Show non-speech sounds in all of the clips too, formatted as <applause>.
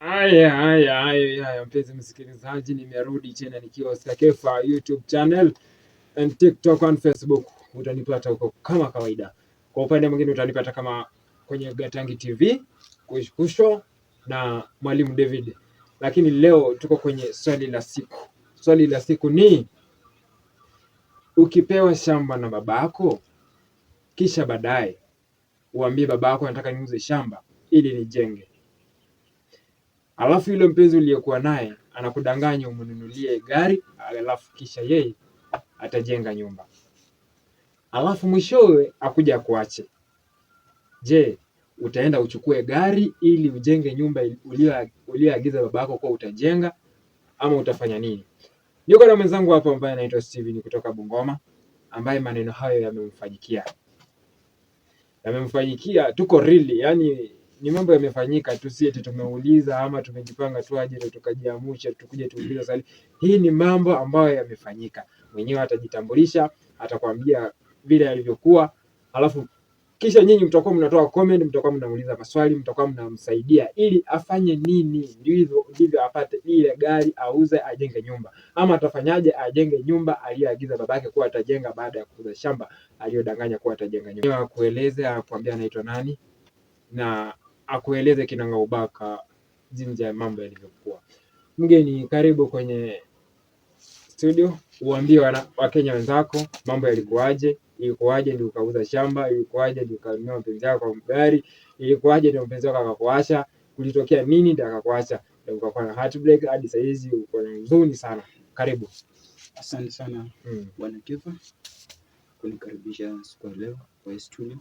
Haya haya haya haya, mpenzi msikilizaji, nimerudi tena nikiwa Sekefa YouTube channel and TikTok and Facebook, utanipata huko kama kawaida. Kwa upande mwingine utanipata kama kwenye Gatangi TV Kusho na Mwalimu David, lakini leo tuko kwenye swali la siku. Swali la siku ni ukipewa shamba na babako, kisha baadaye uambie babako, anataka niuze shamba ili nijenge alafu yule mpenzi uliyekuwa naye anakudanganya umnunulie gari, alafu kisha yeye atajenga nyumba, alafu mwishowe akuja kuache. Je, utaenda uchukue gari ili ujenge nyumba uliyoagiza baba yako kuwa utajenga ama utafanya nini? Niko na mwenzangu hapo ambaye anaitwa Steven kutoka Bungoma ambaye maneno hayo yamemfanyikia, yamemfanyikia. Tuko really, yani ni mambo yamefanyika tu, si eti tumeuliza ama tumejipanga tu aje na tukajiamusha tukuje tuulize swali. Hii ni mambo ambayo yamefanyika. Mwenyewe atajitambulisha, atakwambia vile alivyokuwa, alafu kisha nyinyi mtakuwa mnatoa comment, mtakuwa mnauliza maswali, mtakuwa mnamsaidia ili afanye nini, ndivyo ndivyo apate ile gari, auze, ajenge nyumba, ama atafanyaje ajenge nyumba aliyoagiza babake kuwa atajenga baada ya kuuza shamba aliyodanganya kuwa atajenga nyumba. Kueleza, kuambia anaitwa nani na akueleze kinangaubaka jinsi ya mambo yalivyokuwa. Mgeni, karibu kwenye studio, uambie Wakenya wenzako mambo yalikuwaje. Ilikuwaje ndio ukauza shamba? Ilikuwaje ndio ukanunua mpenzi wako kwa gari? Ilikuwaje ndio mpenzi wako akakuacha? Kulitokea nini ndio akakuacha ndio ukakuwa na heartbreak hadi saa hizi uko na huzuni sana? Karibu. Asante sana hmm. bwana hmm, Kifa kunikaribisha siku ya leo kwa studio,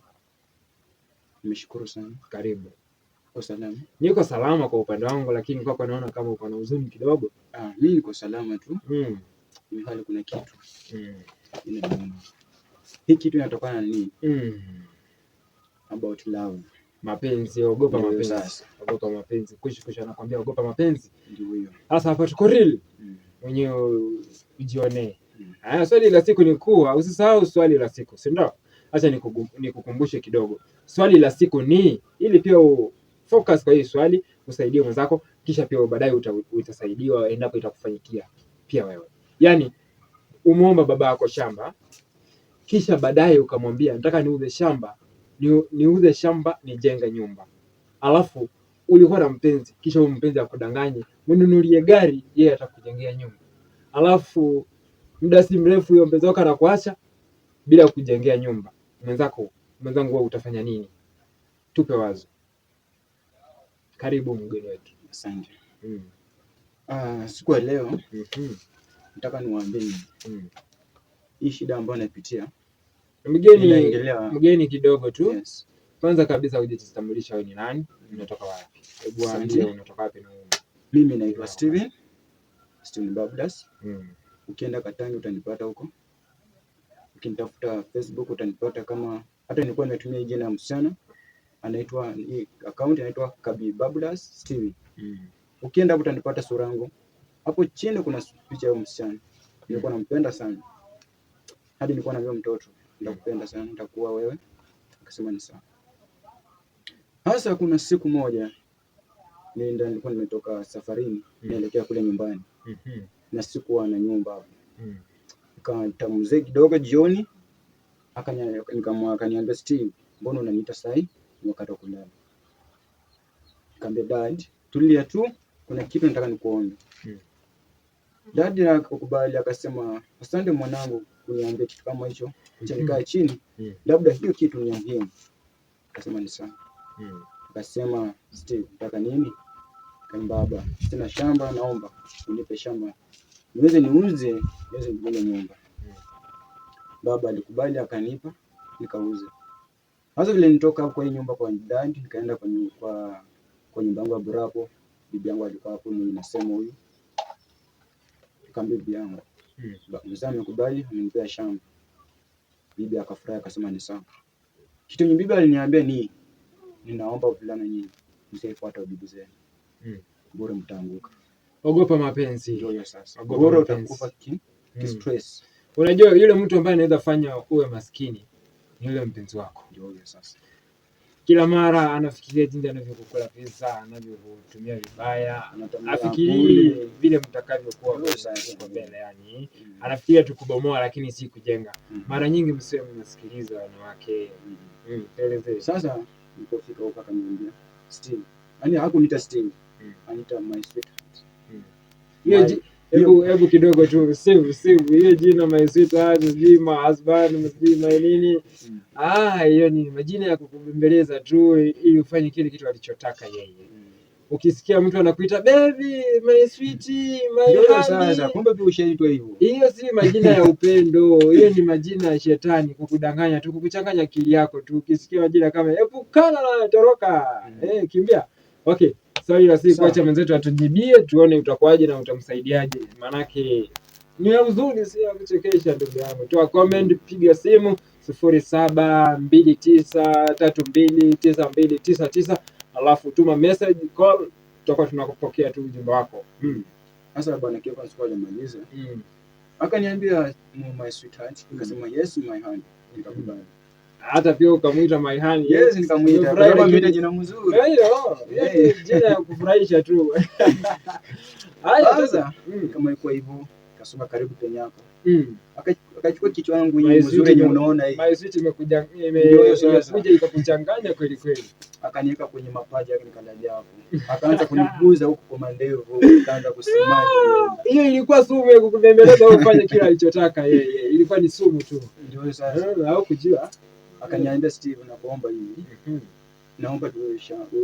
nimeshukuru sana. Karibu uko salama? Niko salama kwa upande wangu, lakini kwako naona kama uko na huzuni kidogo. Ah, mimi niko salama tu mm. Hali kuna kitu mm. Hii kitu inatokana na nini? mm. About love, mapenzi. Ogopa mapenzi, ogopa mapenzi. Kushikush anakuambia ogopa mapenzi, ndio hiyo sasa. Hapa tuko real Mm. mwenyewe, ujionee. Mm. swali la siku ni kuwa usisahau swali la siku, si ndio? Acha nikukumbushe kidogo, swali la siku ni ili pia u focus kwa hili swali, usaidie mwenzako, kisha pia baadaye utasaidiwa endapo itakufanyikia pia wewe. Yani umeomba baba yako shamba, kisha baadaye ukamwambia nataka niuze shamba, niuze shamba nijenge nyumba, alafu ulikuwa na mpenzi, kisha huyo mpenzi akudanganye mnunulie gari, yeye atakujengea nyumba, alafu muda si mrefu huyo mpenzi wako anakuacha bila kujengea nyumba. Mwenzako, mwenzangu, wewe utafanya nini? Tupe wazo. Karibu mgeni wetu. Asante. Mm. Uh, siku ya leo mm -hmm. niwaambie mm. hii shida ambayo napitia mgeni, mgeni kidogo tu yes. Kwanza kabisa ujitambulisha, wewe ni nani? Unatoka wapi? Hebu waambie unatoka wapi na wewe. Mimi naitwa Steven. Steven Babdas. Mm. Ukienda Katani utanipata huko. Ukinitafuta Facebook utanipata kama hata nilikuwa nimetumia jina la msichana anaitwa ni account inaitwa Kabibablas TV. Mm. Ukienda hapo utanipata sura yangu. Hapo chini kuna picha ya msichana. Nilikuwa mm. nampenda sana. Hadi nilikuwa na mtoto. Nitakupenda sana, nitakuwa wewe. Akasema ni sawa. Hasa kuna siku moja nenda nilikuwa nimetoka safarini mm. nielekea kule nyumbani mm -hmm. na sikuwa na nyumba hapo mm. Nikata mzee kidogo jioni, akaniambia Steve, mbona unaniita sahii? wakati wa kulala. Nikamwambia dad, tulia tu, kuna kitu nataka nikuombe. Hmm. Dad akakubali akasema, asante mwanangu kuniambia kitu kama hicho. Acha hmm. nikae chini, hmm. labda hiyo kitu ni muhimu. Akasema ni sawa. Hmm. Akasema Steve, nataka nini? Kama Baba, sina shamba, naomba unipe shamba niweze niuze niweze nijenge nyumba. Baba alikubali akanipa nikauze. Sasa vile nitoka kwa hii nyumba kwa dad, nikaenda kwenye kwa kwa nyumba yangu ya burapo, bibi yangu alikuwa hapo, mimi nasema huyu nikamwambia bibi yangu mzee hmm. amekubali, amenipea shamba. Bibi akafurahi akasema ni sawa. Kitu yenye bibi aliniambia ni ninaomba vulana nyingi msifuate bibi zenu. Mm. Bora mtaanguka. Ogopa mapenzi. Ndio hiyo sasa. Bora utakufa ki, hmm. ki stress. Unajua yule mtu ambaye anaweza fanya uwe maskini ni yule mpenzi wako, ndio huyo sasa. Kila mara anafikiria jinsi anavyokula pesa, anavyokutumia vibaya, anafikiri vile mtakavyokuwa kwa mbele, yani mm. anafikiria tu kubomoa, lakini si kujenga. Mm. Mara nyingi msiwe mnasikiliza wanawake. Mm. Eleze sasa, nilipofika huko akaniambia sitini, yani hakunita sitini, anaita my sweetheart Hebu hebu kidogo tu sivu sivu hiyo jina maisita sijui mahasband sijui mainini nini. Ah, hiyo ni majina ya kukubembeleza tu ili ufanye kile kitu alichotaka yeye Ukisikia mtu anakuita baby my sweet my honey, kumbe pia ushaitwa hivyo, hiyo si majina ya upendo hiyo ni majina ya shetani kukudanganya tu, kukuchanganya akili yako tu. Ukisikia majina kama epukana na toroka, mm. Eh, kimbia Okay, swali la siku, acha mwenzetu atujibie, tuone utakuwaje na utamsaidiaje, maanake ni ya uzuri, si ya kuchekesha. Ndugu yangu, toa comment, piga simu sifuri saba mbili tisa tatu mbili tisa mbili tisa tisa alafu tuma message call, tutakuwa tunakupokea tu ujumbe wako. Sasa hmm. bwana Kefa sikuwa jamaliza, akaniambia my sweetheart, nikasema yes my hand, nikakubali hata pia ukamwita honey. Yes, nikamwita. Nikamwita jina mzuri. Hiyo jina ya kufurahisha tu. <laughs> Haya sasa, kama ilikuwa hivyo, kasoma karibu penye hapo. Mm. Akachukua kichwa changu hii mzuri yenye unaona hii. My sweet imekuja imekuja ikakuchanganya kweli kweli. Akaniweka kwenye mapaja yake nikalalia hapo. Akaanza kuniguza huko kwa mandevu, akaanza kusema. <laughs> Hiyo ilikuwa sumu ya kukubembeleza ufanye kila alichotaka yeye. Ilikuwa ni sumu tu. Ndio sasa. Eh, au kujua akaniambia Steve, nakuomba hivi, mhm. naomba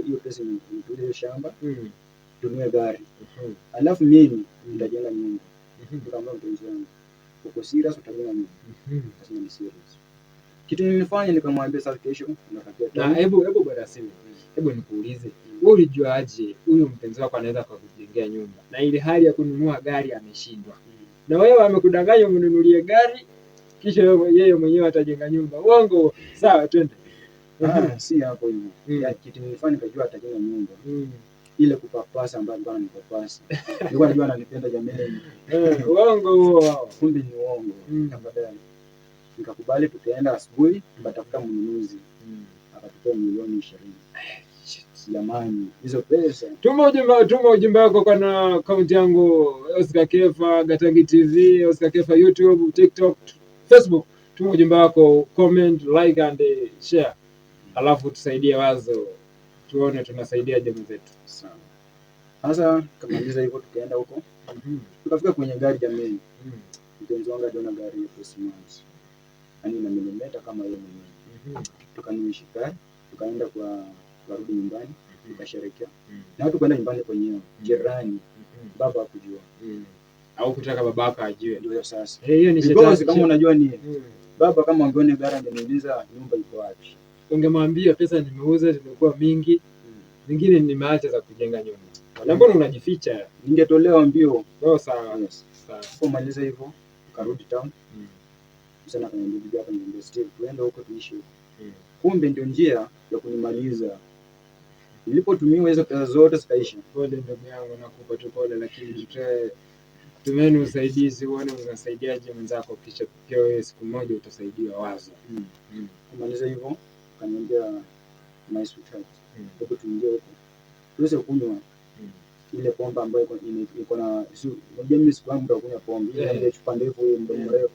hiyo pesa nitulize shamba mhm. tunue gari mhm. alafu mimi nitajenga nyumba. Nikamwambia mpenzi wangu, uko serious? Utajenga nyumba? Akasema ni serious. Kitu nilifanya nikamwambia, sasa kesho unakatia na. Hebu hebu bwana simu, hebu nikuulize wewe, ulijuaje huyo mpenzi wako anaweza kukujengea nyumba na ile hali ya kununua gari ameshindwa? Mm. Na wewe amekudanganya umnunulie gari kisha yeye mwenyewe atajenga nyumba. Uongo. Sawa, twende. Ah. <laughs> si hapo hivyo. Hmm. Ya kitu nilifanya nikajua atajenga nyumba. Hmm. Ile kupapasa ambayo nilikuwa nikupasa. Nilikuwa <laughs> najua ananipenda jamani. Eh. <laughs> uongo huo. Kumbe ni uongo. Mm. nikakubali tukaenda asubuhi tukatafuta mnunuzi. Mm. Akatupa milioni ishirini. Jamani, hizo pesa. Tuma ujumbe, tuma ujumbe wako kwa akaunti yangu Oscar Kefa Gatangi TV, Oscar Kefa YouTube, TikTok Facebook, tuma ujumbe wako, comment, like and share, alafu tusaidie wazo, tuone tunasaidia jamii zetu. Sasa kamaliza hivyo, tukaenda huko mm-hmm. tukafika kwenye gari jamii. Mpenzi wangu aliona gari yaani na milimeta kama hiyo mwenyewe, mm-hmm. tukanimshika tukaenda kwa warudi nyumbani mm-hmm. tukasherekea mm. na watu kwenda nyumbani kwenyewe, mm. jirani baba akujua mm au kutaka babako ajue ndio sasa. Eh, hiyo ni shetani. Kama unajua ni hmm. baba, kama ungeone gara angeniuliza nyumba iko wapi, ungemwambia pesa nimeuza zimekuwa mingi, zingine nimeacha za kujenga nyumba. Na mbona unajificha? Ningetolewa mbio. Sawa sawa. Maliza hivyo karudi town sana mm. kwenye ndugu yako niambia Steve, tuenda huko tuishi huko. Mm. Kumbe ndio njia ya kunimaliza. Nilipotumiwa hizo pesa zote zikaisha. Pole ndugu yangu, nakupa tu pole, lakini tutae Tumeni usaidizi, uone unasaidiaje mwenzako, kisha pia wewe siku moja utasaidia wazo. Mm. Mm. Kumaliza hivyo kaniambia nice utau mm. huko tuingie huko tuweze kunywa mm. ile pombe ambayo iko na unajua, mimi siku yangu ndakunywa pombe ile ile chupa ndefu ile mdomo mrefu.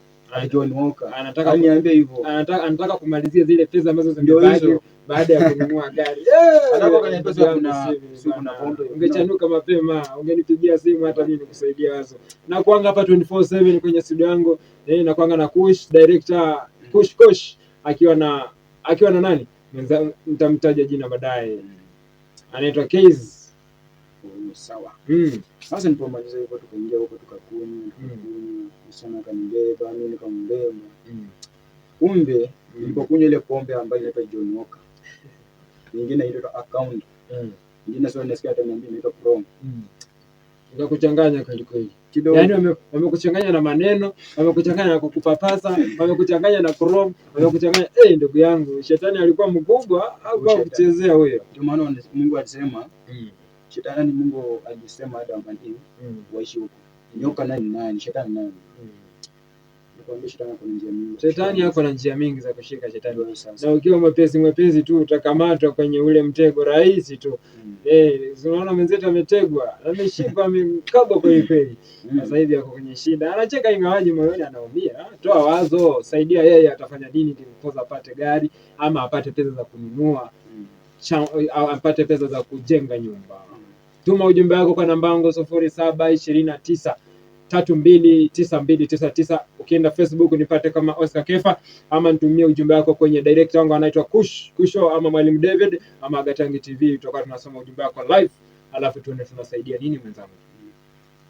John Walker anataka, kuniambia hivyo, anataka anataka kumalizia zile pesa ambazo zimebaki baada ya kununua gari <laughs> eh, ungechanuka mapema, ungenipigia simu hata mimi nikusaidia wazo. Nakwanga hapa 24/7 kwenye studio yangu eh, nakwanga na Kush director Kush Kush akiwa na akiwa na nani, nitamtaja jina baadaye, anaitwa Kez. Sawa. Mm. Sasa nipomaliza hivyo, tukaingia huko tukakuni. msichana hmm. akanibeba mimi nikambeba, hmm. kumbe hmm. nilipokunywa ile pombe ambayo inaitwa John Walker nyingine inaitwa account mm. nyingine sio, nasikia hata niambia inaitwa prom mm. Kuchanganya kweli kweli, yani wamekuchanganya na maneno, wamekuchanganya na kukupapasa, wamekuchanganya na chrome, wamekuchanganya eh. Hey, ndugu yangu, shetani alikuwa mkubwa au kwa kuchezea wewe? Ndio maana Mungu alisema mm. shetani, Mungu alisema Adam na Eve mm. waishi huko, nyoka nani nani, shetani nani mm. Shetani yako na njia mingi za kushika shetani na ukiwa mwepesi mwepesi tu utakamatwa kwenye ule mtego rahisi tu. Mm. Eh, unaona mwenzetu ametegwa, ameshikwa, kwa kweli Mm. Sasa hivi yako kwenye shida, anacheka ingawaje moyoni anaumia. Toa wazo, saidia yeye, atafanya nini ndiposa apate gari ama apate pesa za kununua mm. apate pesa za kujenga nyumba. Tuma ujumbe wako kwa namba yangu sufuri saba ishirini na tisa tatu mbili tisa mbili tisa tisa. Ukienda Facebook nipate kama Oscar Kefa, ama nitumie ujumbe wako kwenye direct wangu anaitwa Kush Kusho ama Mwalimu David ama Gatangi TV, tutakuwa tunasoma ujumbe wako live, alafu tuone tunasaidia nini mwenzangu.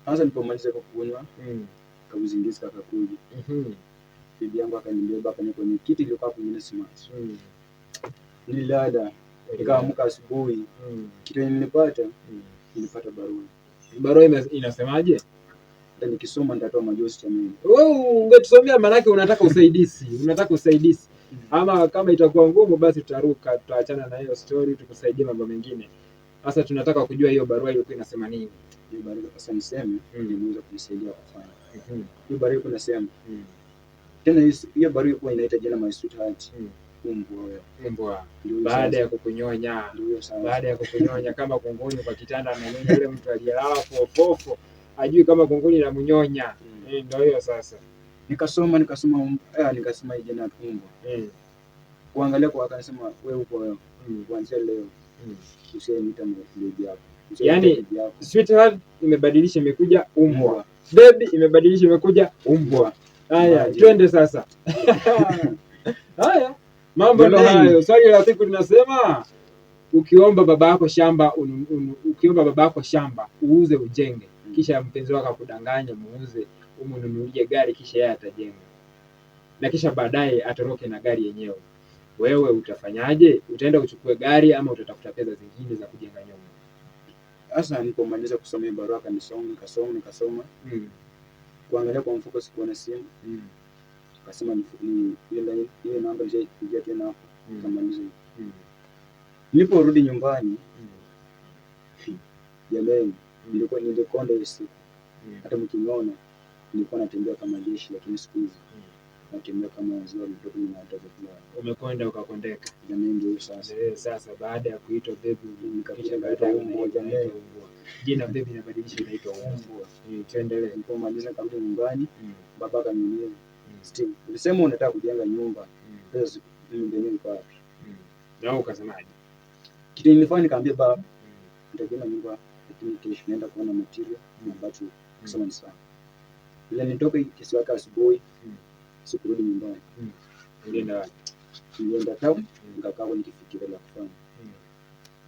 Sasa nilipomaliza kwa kunywa mm. kauzingizi kuji mm -hmm. bibi yangu akanibeba kwenye kwenye kiti iliyokuwa kwingine simazi mm. nilada nikaamka asubuhi mm. kitu nilipata mm. nilipata barua barua inasemaje? hata nikisoma nitatoa majozi cha mimi. Wewe ungetusomea, maanake unataka usaidizi, unataka usaidizi ama kama itakuwa ngumu basi tutaruka, tutaachana na hiyo story, tukusaidie mambo mengine. Sasa tunataka kujua hiyo barua ilikuwa inasema nini? Hiyo barua ilikuwa sasa niseme, hmm. nimeweza kunisaidia kufanya hmm. hiyo barua ilikuwa inasema mm. tena, hiyo barua ilikuwa inaita jina my sweetheart hmm. mbwa baada ya kukunyonya, baada ya kukunyonya kama kunguni kwa kitanda, ananyonya yule mtu aliyelala fofofo ajui kama kunguni na mnyonya mm. Eh, ndio hiyo sasa. Nikasoma nikasoma eh, nikasoma hii na tumbo mm. kuangalia kwa akasema wewe uko wewe mm. kuanzia leo mm. usiniita mrafiki yako yani sweetheart imebadilisha imekuja umbwa, hmm. baby imebadilisha imekuja umbwa. Haya, twende sasa. <laughs> Haya, mambo ndio hayo. Swali la siku linasema ukiomba babako shamba un, un, ukiomba babako shamba uuze ujenge kisha mpenzi wako akudanganya muuze, umu nunulie gari, kisha yeye atajenga na kisha baadaye atoroke na gari yenyewe, wewe utafanyaje? Utaenda uchukue gari ama utatafuta pesa zingine za kujenga nyumba? Sasa nilipomaliza kusoma hiyo barua, kanisoma nikasoma nikasoma, mm. kuangalia kwa mfuko sikuona simu mm. Kasema ile namba ikuja tena hapo mm. kamaliza mm. niliporudi nyumbani mm. jamani nilikuwa ni hiyo siku yeah. Mm. Hata mkiniona nilikuwa natembea kama jeshi, lakini siku hizi yeah. Mm. natembea kama wazee wametoka na watoto fulani. Umekwenda ukakondeka na mimi ndio sasa eh, sasa baada ya kuitwa baby nikapita baada ya mmoja leo jina <laughs> baby inabadilisha inaitwa umbwa. Eh, tuendelee, nilipomaliza kurudi nyumbani mm. baba akaniuliza, Steve, ulisema unataka kujenga nyumba, pesa mimi ndio niko wapi? Na ukasemaje? Kitu nilifanya nikamwambia baba, nitajenga nyumba lakini kesho naenda kuona material ambacho hmm. kusema ni sawa. Bila nitoke kesi yake asubuhi, hmm. sikurudi nyumbani. Hmm. Nilienda nilienda town, nikakaa kwenye kifikiria la kufanya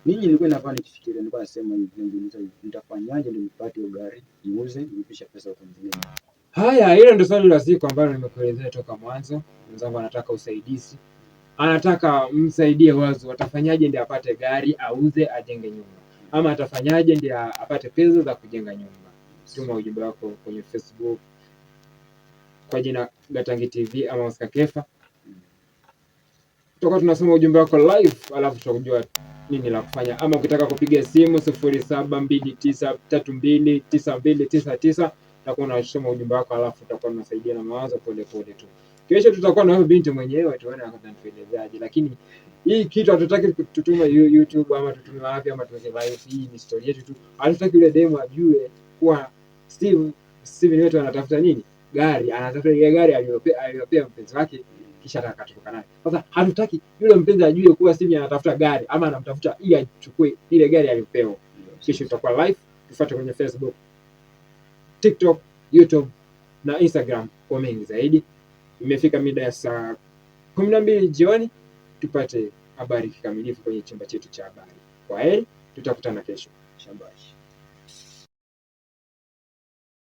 Mimi Nilikuwa nafanya nikifikiria, nilikuwa nasema nitajiuliza nitafanyaje ndio nipate gari niuze, nipisha pesa kwa mzee. Haya, hilo ndio swali la siku ambalo nimekuelezea toka mwanzo. Mwenzangu anataka usaidizi, anataka msaidie wazo, watafanyaje ndio apate gari, auze, ajenge nyumba ama atafanyaje ndio apate pesa za kujenga nyumba? Tuma ujumbe wako kwenye Facebook kwa jina Gatangi TV ama Oscar Kefa. Tutakuwa tunasoma ujumbe wako live, alafu tutakujua nini la kufanya, ama ukitaka kupiga simu sufuri saba mbili tisa tatu mbili tisa mbili tisa tisa utakuwa unasoma ujumbe wako, alafu utakuwa unasaidia na mawazo pole pole tu. Kesho tutakuwa na huyo binti mwenyewe tuone atatufelezaje, lakini hii kitu hatutaki tutume YouTube ama tutume wapi ama tuweke virus. Hii ni story yetu tu, hatutaki yule demo ajue kuwa Steve Steve wetu anatafuta nini gari, anatafuta ile gari aliyopea aliyopea mpenzi wake kisha akatoka naye. Sasa hatutaki yule mpenzi ajue kuwa Steve anatafuta gari ama anamtafuta ili achukue ile gari aliyopewa. Kesho tutakuwa live, tufuate kwenye Facebook, TikTok, YouTube na Instagram kwa mengi zaidi. Imefika mida ya saa kumi na mbili jioni, tupate habari kikamilifu kwenye chumba chetu cha habari. Kwa heri, tutakutana kesho. Shambani.